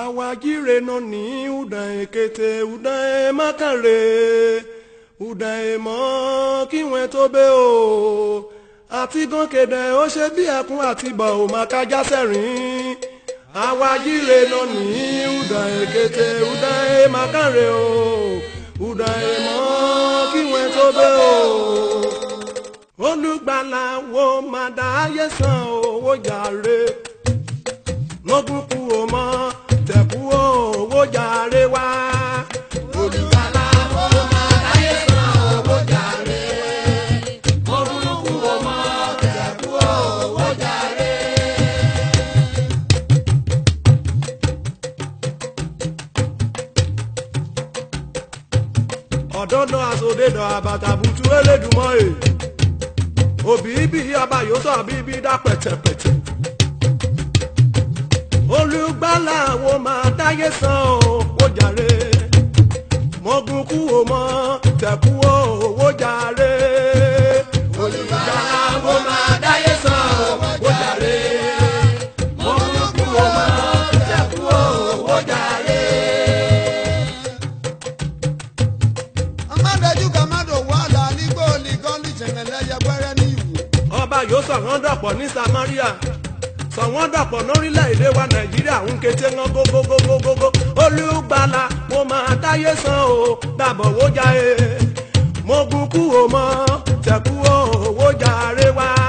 awajire noni udae kete udae makare udae mọ kí wọn tó bẹ o àti gan kedẹ ó ṣe bí ẹkún àti bọ ò má kájá sẹrin awajire noni udae kete udae makare o udae mọ kí wọn tó bẹ o olùgbàlà wo má dá ayé san owó jàre ọ̀dọ́dọ́ àsòdèdọ̀ àbàtàbùtù elédùnmọ́ è òbí ibi ọba yòótọ́ àbí ibi dá pẹ̀tẹ̀pẹ̀tẹ̀ olùgbàlà wo máa táyé san owó jàre mọ́gun kú o mọ́ tẹ̀kú o owó jàre. Adéjú Kamado wàhálà nígbò ní gọ́ọ̀lì ìṣẹ̀mẹ̀lẹ̀ yẹpẹrẹ ní ìwò. Ọba yóò sọ wọ́n dàpọ̀ ní Samaria sọ wọ́n dàpọ̀ lórílẹ̀‐èdè wa Nàìjíríà ń kété wọn gógógógógó olùgbàlà mo máa táyé san o dàbọ̀ wó jà e mo gun kú o mọ́ tẹ̀kú o wó jà rẹwà.